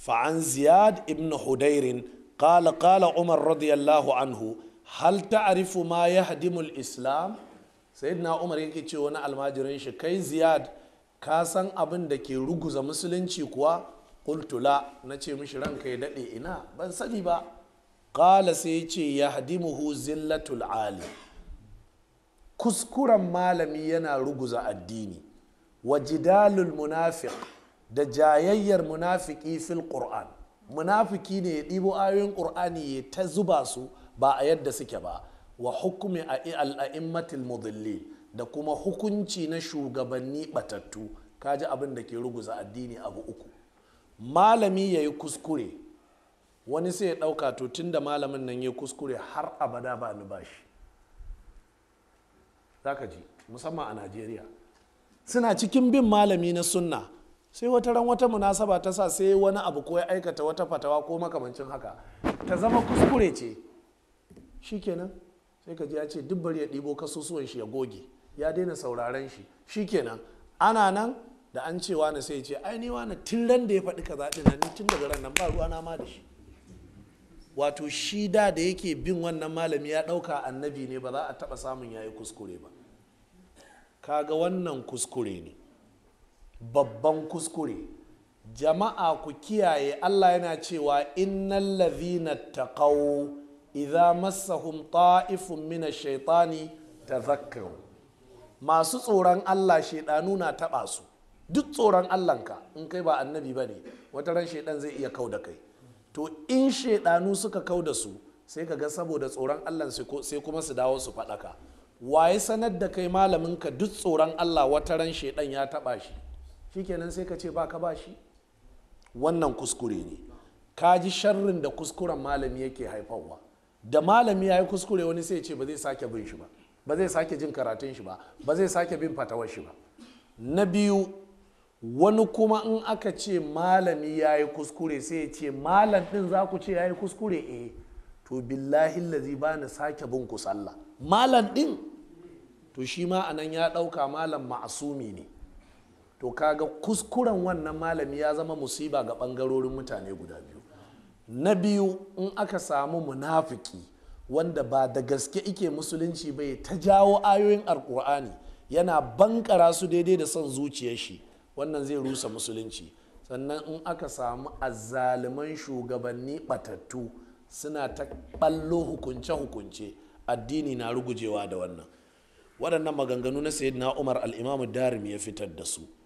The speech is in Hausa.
Fa'an Ziyad ابن Hudairin, ƙala قال Umar رضي anhu, عنه هل تعرف ما يهدم الإسلام سيدنا عمر yake ce wani almajirin shi kai ziyad ka san abin da ke ruguza musulunci kuwa kultula na ce mishi ranka ya daɗe ina ban sani ba ƙala sai ya ce ya hadimuhu zillatul ali kuskuren malami yana ruguza addini wa jidalul munafiq da jayayyar munafiki fil qur'an munafiki ne ya ɗibo ayoyin qur'ani ya ta zuba su ba a yadda suke ba wa hukumi a al'a'immatil mudilli da kuma hukunci na shugabanni batattu kaji abin da ke ruguza addini abu uku malami ya yi kuskure wani sai ya ɗauka to tun da malamin nan ya kuskure har abada ba ni bashi za ka ji musamman a najeriya suna cikin bin malami na sunna sai wata ran wata munasaba ta sa sai wani abu ko ya aikata wata fatawa ko makamancin haka ta zama kuskure ce shikenan sai ka ji ya ce duk bari ya ɗibo kasusuwan shi ya goge ya daina sauraren shi shikenan ana nan da an cewa na sai ce ai ni wani tun ran da ya faɗi kaza ɗin nan tun daga ran nan ba ruwa na ma da shi wato shi da da yake bin wannan malami ya ɗauka annabi ne ba za a taɓa samun yayi kuskure ba kaga wannan kuskure ne babban kuskure jama'a ku kiyaye allah yana cewa innal ladhina taqaw idza massahum ta'ifun min ash-shaytani tadhakkaru masu tsoron allah shaidanu na taba su duk tsoron allahnka in kai ba annabi bane wata ran shaidan zai iya kau da kai to in shaidanu suka kau da su sai ka ga saboda tsoron allah sai kuma su dawo su faɗaka waye sanar da kai malaminka duk tsoron allah wata ran shaidan ya taɓa shi shikenan sai ka ce ba ka ba shi wannan kuskure ne ka ji sharrin da kuskuren malami yake haifarwa da malami ya yi kuskure wani sai ce ba zai sake bin shi ba ba zai sake jin karatun shi ba ba zai sake bin fatawar shi ba na biyu wani kuma in aka ce malami ya yi kuskure sai ya ce malam din za ku ce ya yi kuskure eh to billahi lazi ba na sake bin ku sallah malam din to shi ma anan ya ɗauka malam ma'asumi ne to kaga kuskuren wannan malami ya zama musiba ga ɓangarorin mutane guda biyu na biyu in aka samu munafiki wanda ba da gaske ike musulunci bai ta jawo ayoyin alkur'ani yana bankara su daidai da son zuciyar shi wannan zai rusa musulunci sannan in aka samu azzaliman shugabanni batattu suna ta ballo hukunce-hukunce addini na rugujewa da wannan waɗannan maganganu na sayyidina umar al'imamu darim ya fitar da su